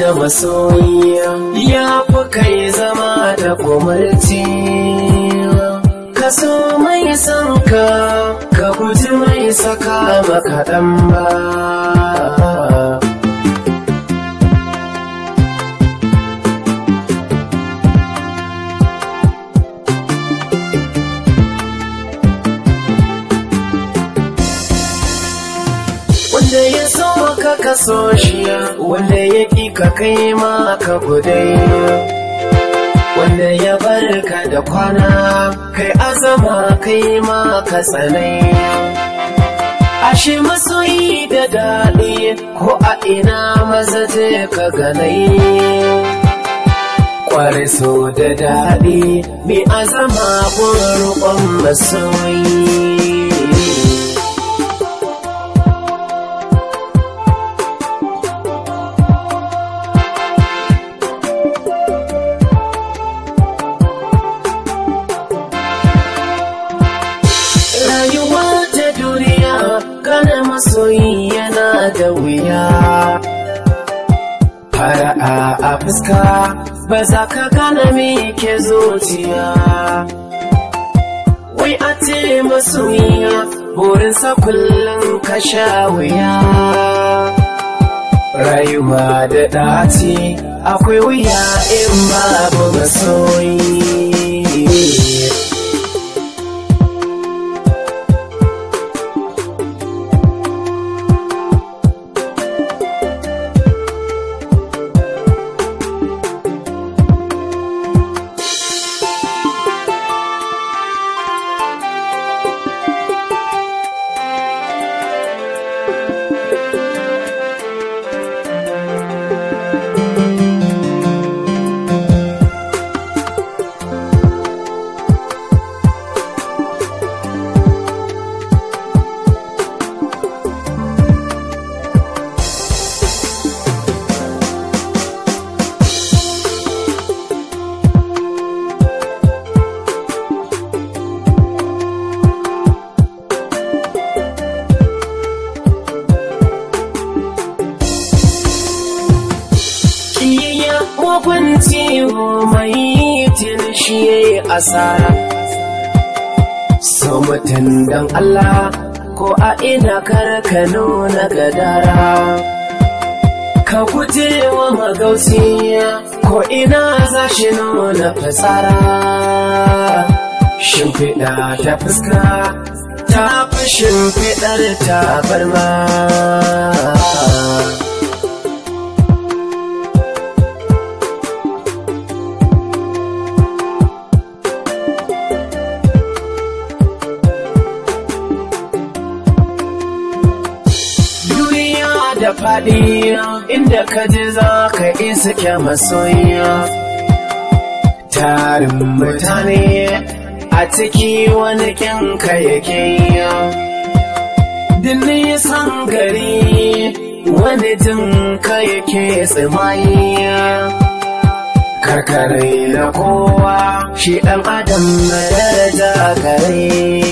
da masoyiya ya fi kai zama da kumarci ka so mai san ka ka guji mai saka maka ɗan ba wanda ya so maka kaso shiya wanda ya ka kai ma ka gudai wanda ya bar ka da kwana kai azama kai ma ka tsanai ashe masoyi da daɗi ko a ina maza ce ka ganai kware so da daɗi mi azama ko roƙon masoyi masoyi yana da wuya fara'a a fuska ba za ka gane me ke zuciya wai a ce masoyiya burinsa kullum ka sha wuya rayuwa da ɗaci akwai wuya in babu masoyi maitin shi ya yi asara Sau mutum don Allah ko a ina karka nuna gadara ka guje wa magausi ko ina za shi nuna fasara shimfiɗa ta fuska ta fi shimfiɗar tabarma da faɗi inda ka ji za ka isa ke masoyiya. Tarin mutane a ciki wani kyanka yake Dinni san gari wani jinka yake tsimayi. Karkare da kowa shi ɗan adam na daraja gare.